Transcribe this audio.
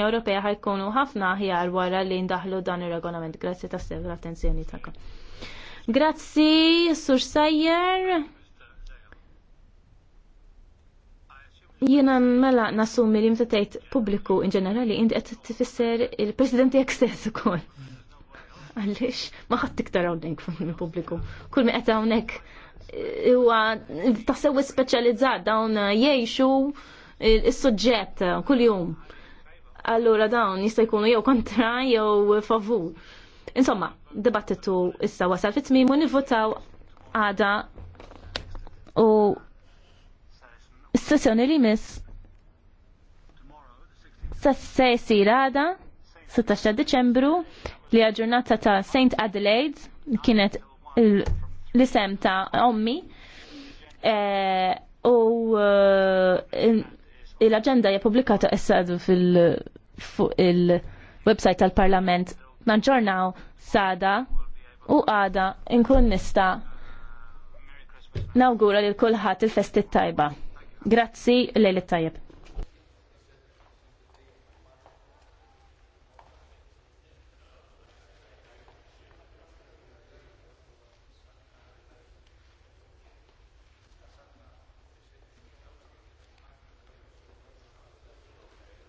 Ewropea ħajkunu ħafna aħjar wara li ndaħlu dan ir-regolament. Grazzi ta' sew l-attenzjoni taka. Grazzi, Sur Sajjer. Jiena mela nasumi li meta tgħid pubbliku in ġenerali inti qed tifisser il presidenti jekk stess ukoll. Għaliex ma ħadd iktar hawnhekk minn pubbliku. Kull mi qed hawnhekk eh, huwa ta' sewi speċjalizzat dawn jgħixu eh, is-suġġett kuljum allura dawn jista' jkunu jew kontra jew favur. Insomma, dibattitu issa wasal fit tmiem u nivvotaw għada u s-sessjoni li miss se jsir għada 16 Deċembru li ġurnata ta' St. Adelaide kienet l-isem ta' ommi eh, u eh, l-agenda hija pubblikata issa fil fuq il-website tal-Parlament naġġornaw sada u għada nkun nista nawgura lil kulħadd il festi tajba. Grazzi lejl it-tajjeb.